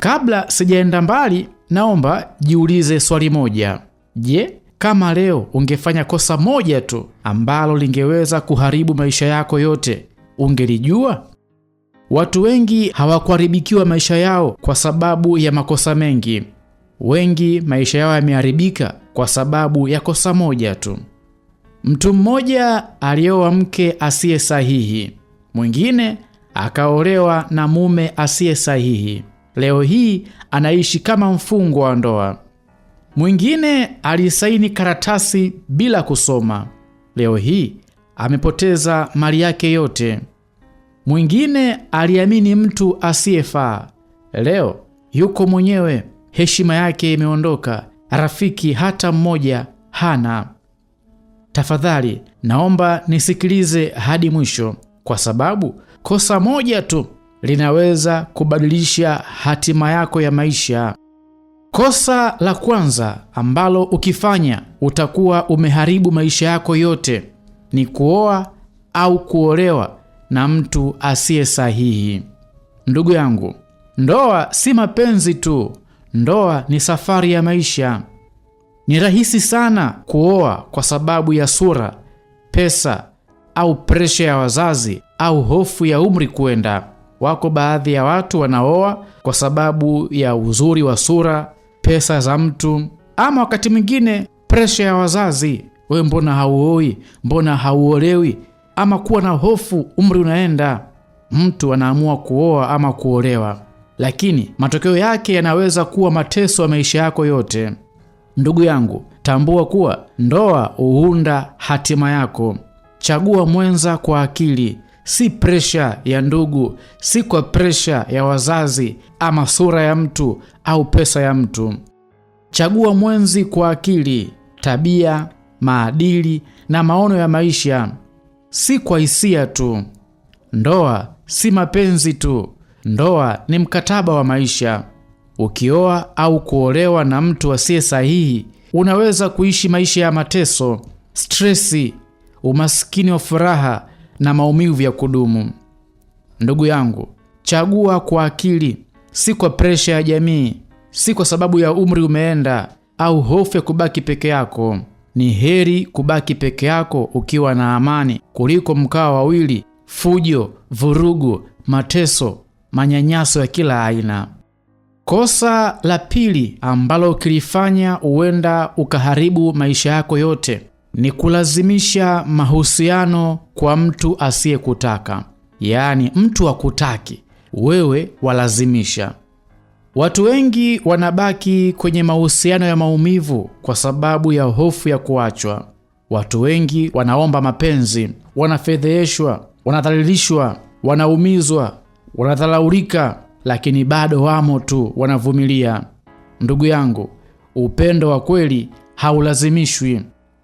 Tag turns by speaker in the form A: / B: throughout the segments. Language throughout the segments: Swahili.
A: Kabla sijaenda mbali, naomba jiulize swali moja. Je, kama leo ungefanya kosa moja tu ambalo lingeweza kuharibu maisha yako yote, ungelijua? Watu wengi hawakuharibikiwa maisha yao kwa sababu ya makosa mengi. Wengi maisha yao yameharibika kwa sababu ya kosa moja tu. Mtu mmoja alioa mke asiye sahihi, mwingine akaolewa na mume asiye sahihi. Leo hii anaishi kama mfungwa wa ndoa. Mwingine alisaini karatasi bila kusoma. Leo hii amepoteza mali yake yote. Mwingine aliamini mtu asiyefaa. Leo yuko mwenyewe, heshima yake imeondoka, rafiki hata mmoja hana. Tafadhali naomba nisikilize hadi mwisho, kwa sababu kosa moja tu linaweza kubadilisha hatima yako ya maisha. Kosa la kwanza ambalo ukifanya utakuwa umeharibu maisha yako yote ni kuoa au kuolewa na mtu asiye sahihi. Ndugu yangu, ndoa si mapenzi tu, ndoa ni safari ya maisha. Ni rahisi sana kuoa kwa sababu ya sura, pesa au presha ya wazazi au hofu ya umri kwenda. Wako baadhi ya watu wanaoa kwa sababu ya uzuri wa sura, pesa za mtu, ama wakati mwingine presha ya wazazi, wewe mbona hauoi, mbona hauolewi, ama kuwa na hofu, umri unaenda, mtu anaamua kuoa ama kuolewa, lakini matokeo yake yanaweza kuwa mateso ya maisha yako yote. Ndugu yangu, tambua kuwa ndoa huunda hatima yako. Chagua mwenza kwa akili, si presha ya ndugu, si kwa presha ya wazazi ama sura ya mtu au pesa ya mtu. Chagua mwenzi kwa akili, tabia, maadili na maono ya maisha, si kwa hisia tu. Ndoa si mapenzi tu, ndoa ni mkataba wa maisha. Ukioa au kuolewa na mtu asiye sahihi, unaweza kuishi maisha ya mateso, stresi, umaskini wa furaha na maumivu ya kudumu. Ndugu yangu, chagua kwa akili, si kwa presha ya jamii, si kwa sababu ya umri umeenda au hofu ya kubaki peke yako. Ni heri kubaki peke yako ukiwa na amani kuliko mkaa wawili, fujo, vurugu, mateso, manyanyaso ya kila aina. Kosa la pili ambalo ukilifanya huenda ukaharibu maisha yako yote ni kulazimisha mahusiano kwa mtu asiyekutaka, yaani mtu akutaki wewe walazimisha. Watu wengi wanabaki kwenye mahusiano ya maumivu kwa sababu ya hofu ya kuachwa. Watu wengi wanaomba mapenzi, wanafedheheshwa, wanadhalilishwa, wanaumizwa, wanadhalaulika, lakini bado wamo tu, wanavumilia. Ndugu yangu, upendo wa kweli haulazimishwi.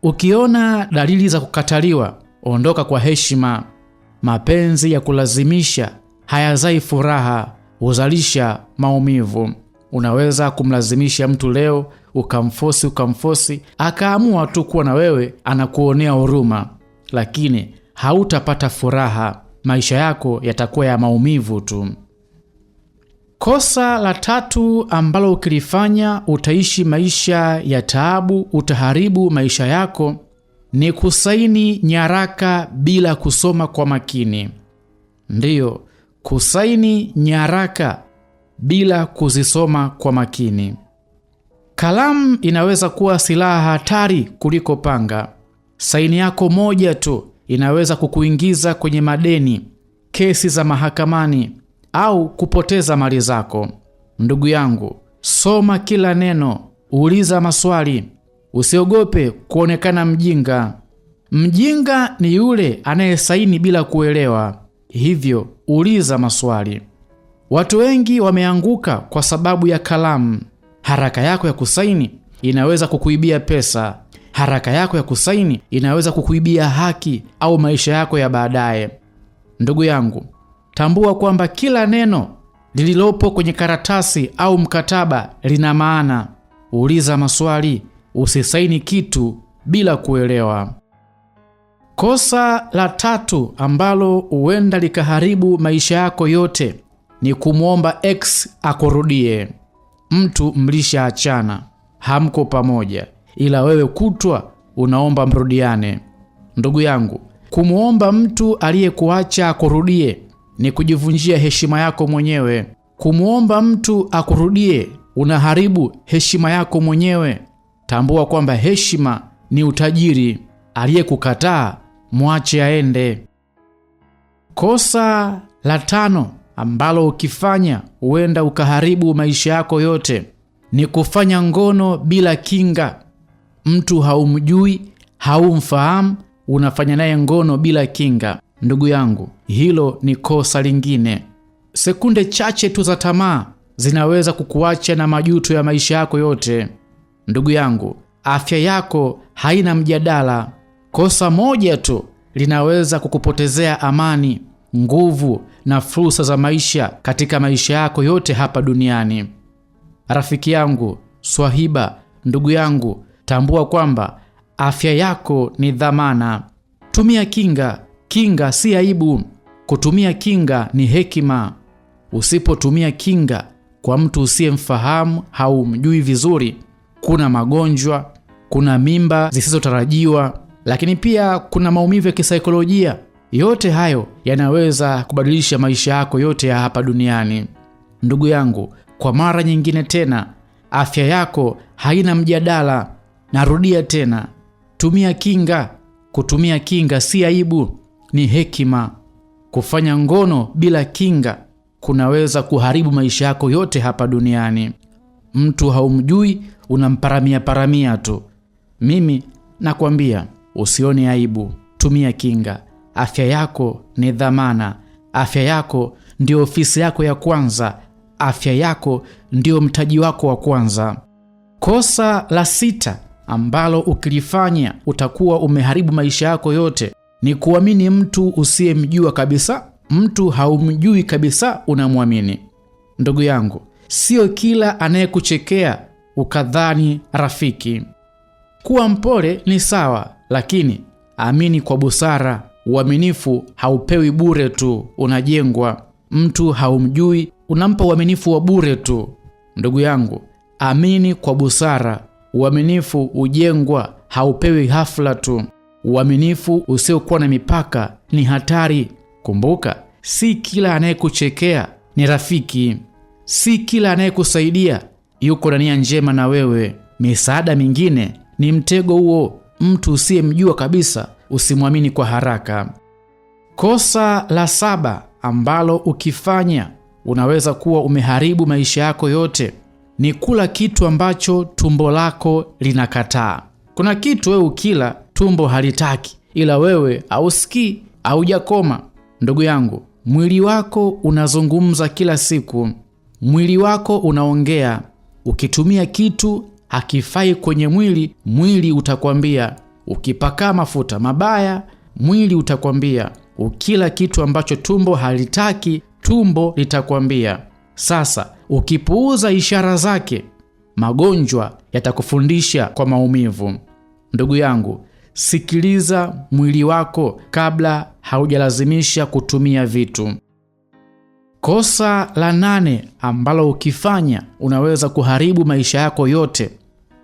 A: Ukiona dalili za kukataliwa, ondoka kwa heshima. Mapenzi ya kulazimisha hayazai furaha, huzalisha maumivu. Unaweza kumlazimisha mtu leo, ukamfosi ukamfosi, akaamua tu kuwa na wewe, anakuonea huruma, lakini hautapata furaha. Maisha yako yatakuwa ya maumivu tu. Kosa la tatu ambalo ukilifanya utaishi maisha ya taabu, utaharibu maisha yako, ni kusaini nyaraka bila kusoma kwa makini. Ndiyo, kusaini nyaraka bila kuzisoma kwa makini. Kalamu inaweza kuwa silaha hatari kuliko panga. Saini yako moja tu inaweza kukuingiza kwenye madeni, kesi za mahakamani au kupoteza mali zako. Ndugu yangu, soma kila neno, uliza maswali, usiogope kuonekana mjinga. Mjinga ni yule anayesaini bila kuelewa, hivyo uliza maswali. Watu wengi wameanguka kwa sababu ya kalamu. Haraka yako ya kusaini inaweza kukuibia pesa. Haraka yako ya kusaini inaweza kukuibia haki au maisha yako ya baadaye. Ndugu yangu, Tambua kwamba kila neno lililopo kwenye karatasi au mkataba lina maana. Uliza maswali, usisaini kitu bila kuelewa. Kosa la tatu ambalo huenda likaharibu maisha yako yote ni kumwomba ex akurudie. Mtu mlishaachana, hamko pamoja, ila wewe kutwa unaomba mrudiane. Ndugu yangu, kumwomba mtu aliyekuacha akurudie ni kujivunjia heshima yako mwenyewe. Kumwomba mtu akurudie, unaharibu heshima yako mwenyewe. Tambua kwamba heshima ni utajiri. Aliyekukataa mwache aende. Kosa la tano ambalo ukifanya huenda ukaharibu maisha yako yote ni kufanya ngono bila kinga. Mtu haumjui, haumfahamu, unafanya naye ngono bila kinga. Ndugu yangu, hilo ni kosa lingine. Sekunde chache tu za tamaa zinaweza kukuacha na majuto ya maisha yako yote. Ndugu yangu, afya yako haina mjadala. Kosa moja tu linaweza kukupotezea amani, nguvu na fursa za maisha katika maisha yako yote hapa duniani. Rafiki yangu, swahiba, ndugu yangu, tambua kwamba afya yako ni dhamana. Tumia kinga Kinga si aibu, kutumia kinga ni hekima. Usipotumia kinga kwa mtu usiyemfahamu, haumjui vizuri, kuna magonjwa, kuna mimba zisizotarajiwa, lakini pia kuna maumivu ya kisaikolojia. Yote hayo yanaweza kubadilisha maisha yako yote ya hapa duniani. Ndugu yangu, kwa mara nyingine tena, afya yako haina mjadala. Narudia tena, tumia kinga. Kutumia kinga si aibu ni hekima. Kufanya ngono bila kinga kunaweza kuharibu maisha yako yote hapa duniani. Mtu haumjui unamparamia paramia tu. Mimi nakwambia usione aibu, tumia kinga. Afya yako ni dhamana. Afya yako ndio ofisi yako ya kwanza. Afya yako ndiyo mtaji wako wa kwanza. Kosa la sita ambalo ukilifanya utakuwa umeharibu maisha yako yote ni kuamini mtu usiyemjua kabisa, mtu haumjui kabisa, unamwamini. Ndugu yangu, sio kila anayekuchekea ukadhani rafiki. Kuwa mpole ni sawa, lakini amini kwa busara. Uaminifu haupewi bure tu, unajengwa. Mtu haumjui, unampa uaminifu wa bure tu. Ndugu yangu, amini kwa busara. Uaminifu hujengwa, haupewi hafla tu uaminifu usiokuwa na mipaka ni hatari. Kumbuka, si kila anayekuchekea ni rafiki, si kila anayekusaidia yuko na nia njema na wewe. Misaada mingine ni mtego huo. Mtu usiyemjua kabisa usimwamini kwa haraka. Kosa la saba ambalo ukifanya unaweza kuwa umeharibu maisha yako yote ni kula kitu ambacho tumbo lako linakataa. Kuna kitu wewe ukila tumbo halitaki, ila wewe ausikii aujakoma Ndugu yangu, mwili wako unazungumza kila siku, mwili wako unaongea. Ukitumia kitu hakifai kwenye mwili, mwili utakwambia. Ukipakaa mafuta mabaya, mwili utakwambia. Ukila kitu ambacho tumbo halitaki, tumbo litakwambia. Sasa ukipuuza ishara zake, magonjwa yatakufundisha kwa maumivu. Ndugu yangu, Sikiliza mwili wako kabla haujalazimisha kutumia vitu. Kosa la nane ambalo ukifanya unaweza kuharibu maisha yako yote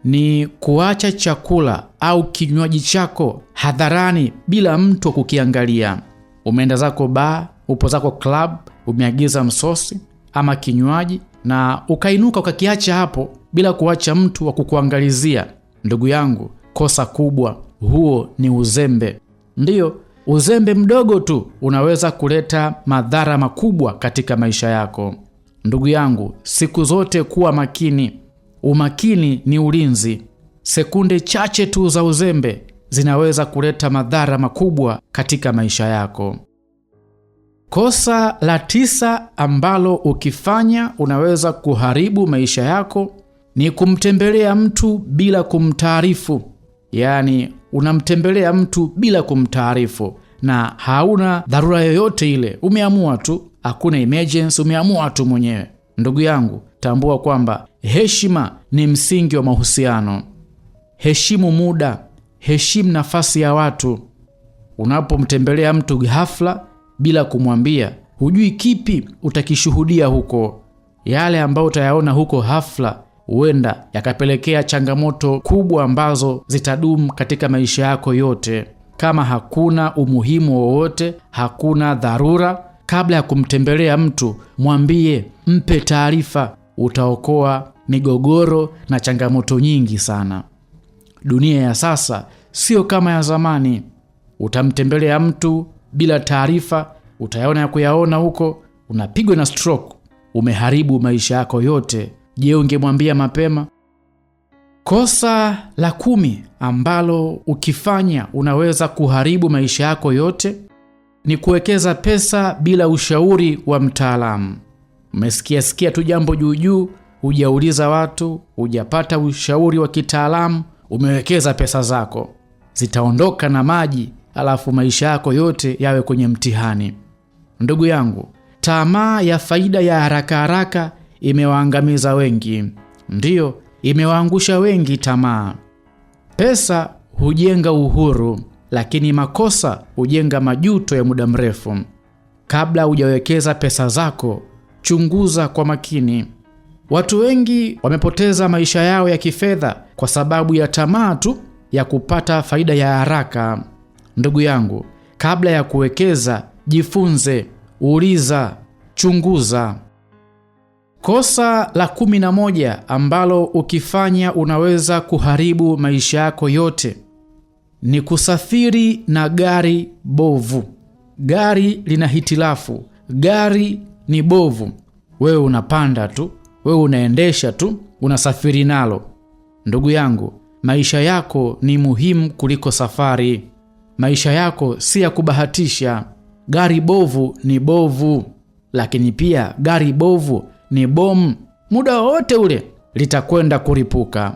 A: ni kuacha chakula au kinywaji chako hadharani bila mtu wa kukiangalia. Umeenda zako baa, upo zako klab umeagiza msosi ama kinywaji na ukainuka ukakiacha hapo bila kuacha mtu wa kukuangalizia. Ndugu yangu, kosa kubwa huo ni uzembe. Ndiyo, uzembe mdogo tu unaweza kuleta madhara makubwa katika maisha yako. Ndugu yangu, siku zote kuwa makini. Umakini ni ulinzi. Sekunde chache tu za uzembe zinaweza kuleta madhara makubwa katika maisha yako. Kosa la tisa ambalo ukifanya unaweza kuharibu maisha yako ni kumtembelea mtu bila kumtaarifu yaani unamtembelea mtu bila kumtaarifu na hauna dharura yoyote ile, umeamua tu, hakuna emergency, umeamua tu mwenyewe. Ndugu yangu, tambua kwamba heshima ni msingi wa mahusiano. Heshimu muda, heshimu nafasi ya watu. Unapomtembelea mtu ghafla bila kumwambia, hujui kipi utakishuhudia huko. Yale ambayo utayaona huko hafla huenda yakapelekea changamoto kubwa ambazo zitadumu katika maisha yako yote. Kama hakuna umuhimu wowote, hakuna dharura, kabla ya kumtembelea mtu mwambie, mpe taarifa. Utaokoa migogoro na changamoto nyingi sana. Dunia ya sasa sio kama ya zamani. Utamtembelea mtu bila taarifa, utayaona ya kuyaona huko, unapigwa na stroke, umeharibu maisha yako yote. Je, ungemwambia mapema? Kosa la kumi ambalo ukifanya unaweza kuharibu maisha yako yote ni kuwekeza pesa bila ushauri wa mtaalamu. umesikiasikia tu jambo juujuu, hujauliza watu, hujapata ushauri wa kitaalamu, umewekeza pesa zako, zitaondoka na maji, alafu maisha yako yote yawe kwenye mtihani. Ndugu yangu, tamaa ya faida ya haraka haraka imewaangamiza wengi, ndiyo imewaangusha wengi tamaa. Pesa hujenga uhuru, lakini makosa hujenga majuto ya muda mrefu. Kabla hujawekeza pesa zako, chunguza kwa makini. Watu wengi wamepoteza maisha yao ya kifedha kwa sababu ya tamaa tu ya kupata faida ya haraka. Ndugu yangu, kabla ya kuwekeza, jifunze, uliza, chunguza. Kosa la kumi na moja ambalo ukifanya unaweza kuharibu maisha yako yote ni kusafiri na gari bovu. Gari lina hitilafu, gari ni bovu, wewe unapanda tu, wewe unaendesha tu, unasafiri nalo. Ndugu yangu, maisha yako ni muhimu kuliko safari. Maisha yako si ya kubahatisha. Gari bovu ni bovu, lakini pia gari bovu ni bomu, muda wowote ule litakwenda kulipuka.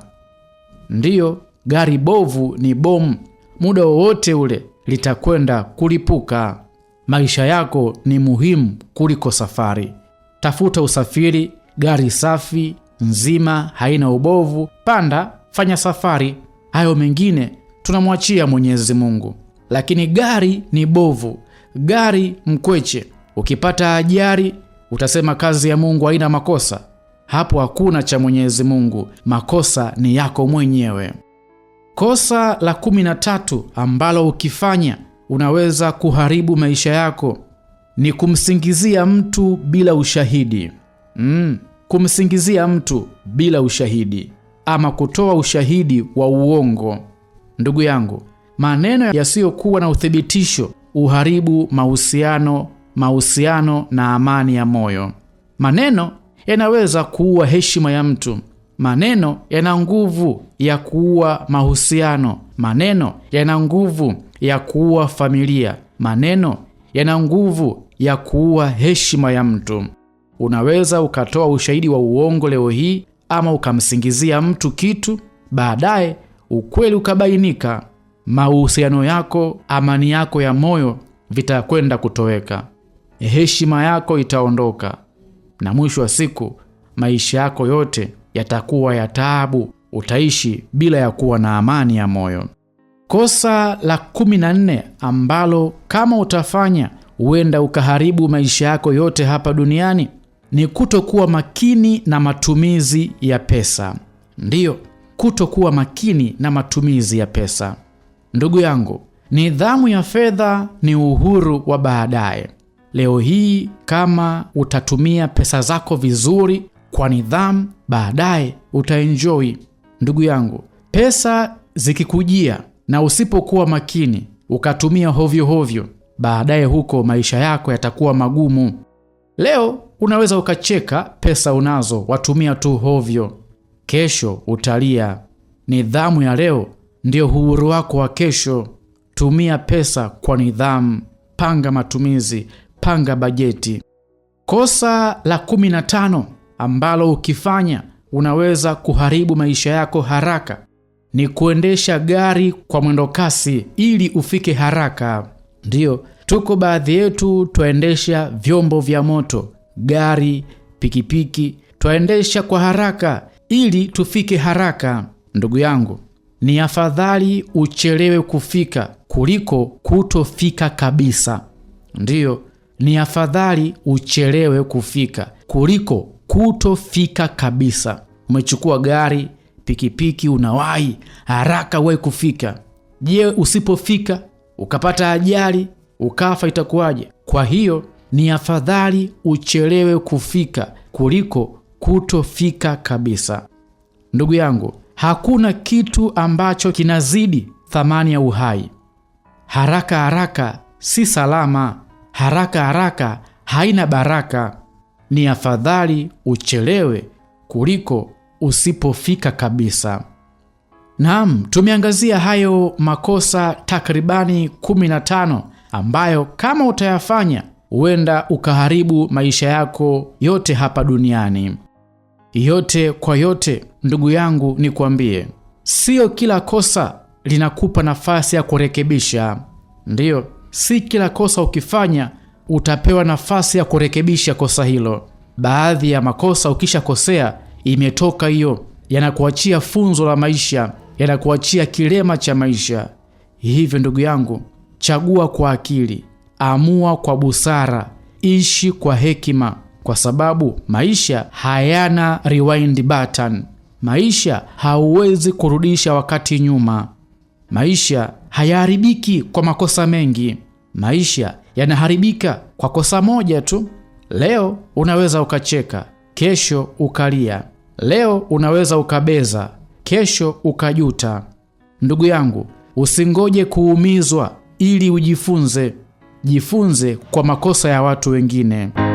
A: Ndiyo, gari bovu ni bomu, muda wowote ule litakwenda kulipuka. Maisha yako ni muhimu kuliko safari. Tafuta usafiri, gari safi nzima, haina ubovu. Panda, fanya safari. Hayo mengine tunamwachia Mwenyezi Mungu. Lakini gari ni bovu, gari mkweche, ukipata ajali Utasema kazi ya Mungu haina makosa. Hapo hakuna cha Mwenyezi Mungu, makosa ni yako mwenyewe. Kosa la kumi na tatu ambalo ukifanya unaweza kuharibu maisha yako ni kumsingizia mtu bila ushahidi. Mm, kumsingizia mtu bila ushahidi ama kutoa ushahidi wa uongo. Ndugu yangu, maneno yasiyokuwa na uthibitisho uharibu mahusiano mahusiano na amani ya moyo. Maneno yanaweza kuua heshima ya mtu. Maneno yana nguvu ya kuua mahusiano. Maneno yana nguvu ya kuua familia. Maneno yana nguvu ya kuua heshima ya mtu. Unaweza ukatoa ushahidi wa uongo leo hii, ama ukamsingizia mtu kitu, baadaye ukweli ukabainika. Mahusiano yako, amani yako ya moyo vitakwenda kutoweka heshima yako itaondoka, na mwisho wa siku maisha yako yote yatakuwa ya taabu. Utaishi bila ya kuwa na amani ya moyo. Kosa la 14 ambalo kama utafanya huenda ukaharibu maisha yako yote hapa duniani ni kutokuwa makini na matumizi ya pesa. Ndiyo, kutokuwa makini na matumizi ya pesa. Ndugu yangu, nidhamu ya fedha ni uhuru wa baadaye. Leo hii kama utatumia pesa zako vizuri kwa nidhamu, baadaye utaenjoy. Ndugu yangu, pesa zikikujia na usipokuwa makini ukatumia hovyo hovyo, baadaye huko maisha yako yatakuwa magumu. Leo unaweza ukacheka, pesa unazo, watumia tu hovyo, kesho utalia. Nidhamu ya leo ndio uhuru wako wa kesho. Tumia pesa kwa nidhamu, panga matumizi kupanga bajeti. Kosa la 15 ambalo ukifanya unaweza kuharibu maisha yako haraka ni kuendesha gari kwa mwendo kasi ili ufike haraka. Ndiyo, tuko baadhi yetu twaendesha vyombo vya moto, gari, pikipiki, twaendesha kwa haraka ili tufike haraka. Ndugu yangu, ni afadhali uchelewe kufika kuliko kutofika kabisa. Ndiyo, ni afadhali uchelewe kufika kuliko kutofika kabisa. Umechukua gari, pikipiki, unawahi haraka, uwahi kufika. Je, usipofika ukapata ajali ukafa, itakuwaje? Kwa hiyo ni afadhali uchelewe kufika kuliko kutofika kabisa. Ndugu yangu, hakuna kitu ambacho kinazidi thamani ya uhai. Haraka haraka si salama haraka haraka haina baraka. Ni afadhali uchelewe kuliko usipofika kabisa. nam tumeangazia hayo makosa takribani 15 ambayo kama utayafanya huenda ukaharibu maisha yako yote hapa duniani. Yote kwa yote, ndugu yangu, nikwambie, siyo kila kosa linakupa nafasi ya kurekebisha. Ndiyo, si kila kosa ukifanya utapewa nafasi ya kurekebisha kosa hilo. Baadhi ya makosa ukishakosea, imetoka hiyo, yanakuachia funzo la maisha, yanakuachia kilema cha maisha. Hivyo ndugu yangu, chagua kwa akili, amua kwa busara, ishi kwa hekima, kwa sababu maisha hayana rewind button. Maisha hauwezi kurudisha wakati nyuma. Maisha hayaharibiki kwa makosa mengi. Maisha yanaharibika kwa kosa moja tu. Leo unaweza ukacheka, kesho ukalia. Leo unaweza ukabeza, kesho ukajuta. Ndugu yangu, usingoje kuumizwa ili ujifunze. Jifunze kwa makosa ya watu wengine.